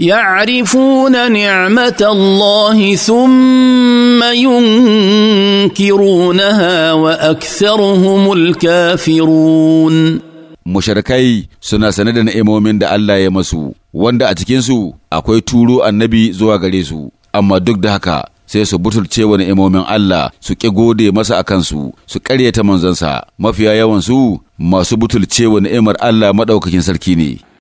يعرفون نعمة الله ثم ينكرونها وأكثرهم الكافرون مشركي suna sane da na'imomin da Allah ya masu wanda a cikinsu akwai turo annabi zuwa gare su amma duk da haka sai su butulce wani ni'imomin Allah su ƙi gode masa a kansu su ƙaryata manzansa mafiya yawan su masu butulce wani ni'imar Allah maɗaukakin sarki ne